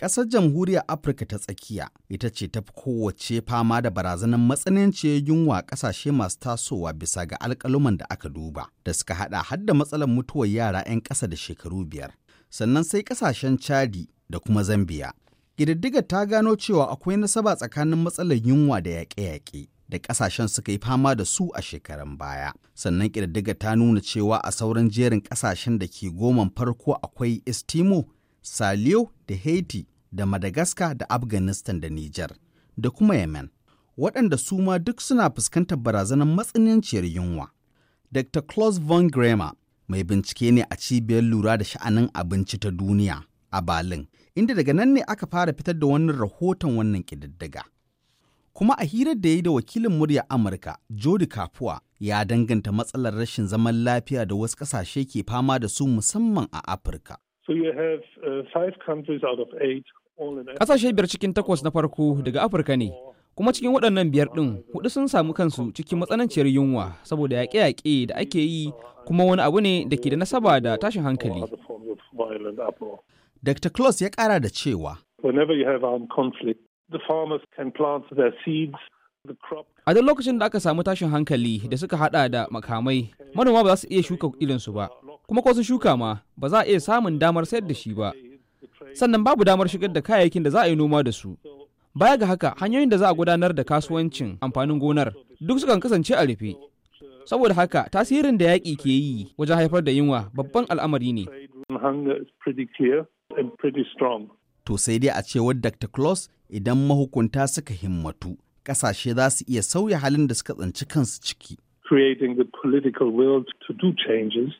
Ƙasar jamhuriyar Afirka ta tsakiya ita ce ta fi kowace fama da barazanar matsananciyar yunwa ƙasashe masu tasowa bisa ga alƙaluman da aka duba da suka haɗa har da matsalar mutuwar yara 'yan ƙasa da shekaru biyar. Sannan sai ƙasashen Chadi da kuma Zambiya. Ƙididdigar ta gano cewa akwai nasaba tsakanin matsalar yunwa da yaƙe-yaƙe. da ƙasashen suka yi fama da su a shekaran baya. Sannan ƙididdiga ta nuna cewa a sauran jerin ƙasashen da ke goman farko akwai Estimo Saliyo da Haiti da Madagascar da Afghanistan da Nijar da kuma Yemen, waɗanda su ma duk suna fuskantar barazanar matsananciyar yunwa. Dr. Klaus von Gramer mai bincike ne a cibiyar lura da sha'anin abinci ta duniya a Berlin, inda daga nan ne aka fara fitar da wannan rahoton wannan ƙididdiga. Kuma a hirar da ya yi da wakilin murya Amurka, Jody Kapuwa, ya danganta matsalar rashin zaman lafiya da wasu ƙasashe ke fama da su musamman a Afirka. kasashe uh, biyar cikin takwas na farko daga Afirka ne, kuma cikin waɗannan biyar ɗin hudu sun samu kansu cikin matsananciyar yunwa saboda yaƙe-yaƙe da ake yi kuma wani abu ne da ke da nasaba da tashin hankali. Dr. Klaus ya kara da cewa. A duk lokacin da aka samu tashin hankali da suka hada da makamai, manoma ba za su iya shuka irinsu ba, kuma kwasu shuka ma ba za a iya samun damar sayar da shi ba sannan babu damar shigar da kayayyakin da za a yi noma da su baya ga haka hanyoyin da za a gudanar da kasuwancin amfanin gonar duk sukan kasance a rufe saboda haka tasirin da yaƙi ke yi wajen haifar da yunwa babban al'amari ne to sai dai a ce cewar dr claus idan mahukunta suka himmatu ƙasashe za su iya sauya halin da suka tsinci kansu ciki creating the political will to do changes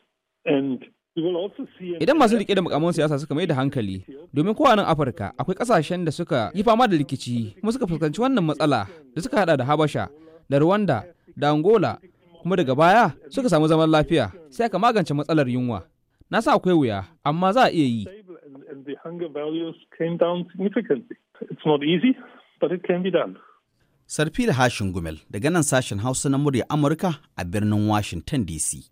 Idan masu rike da mukamman siyasa suka mai da hankali, domin kowa nan Afirka akwai kasashen da suka yi fama da rikici kuma suka fuskanci wannan matsala da suka hada da Habasha, da Rwanda, da Angola, kuma daga baya suka samu zaman lafiya sai aka magance matsalar yunwa. Na sa akwai wuya, amma za a iya yi. Sarfil Hashin Gumel daga nan sashen Hausa na murya Amurka a birnin Washington DC.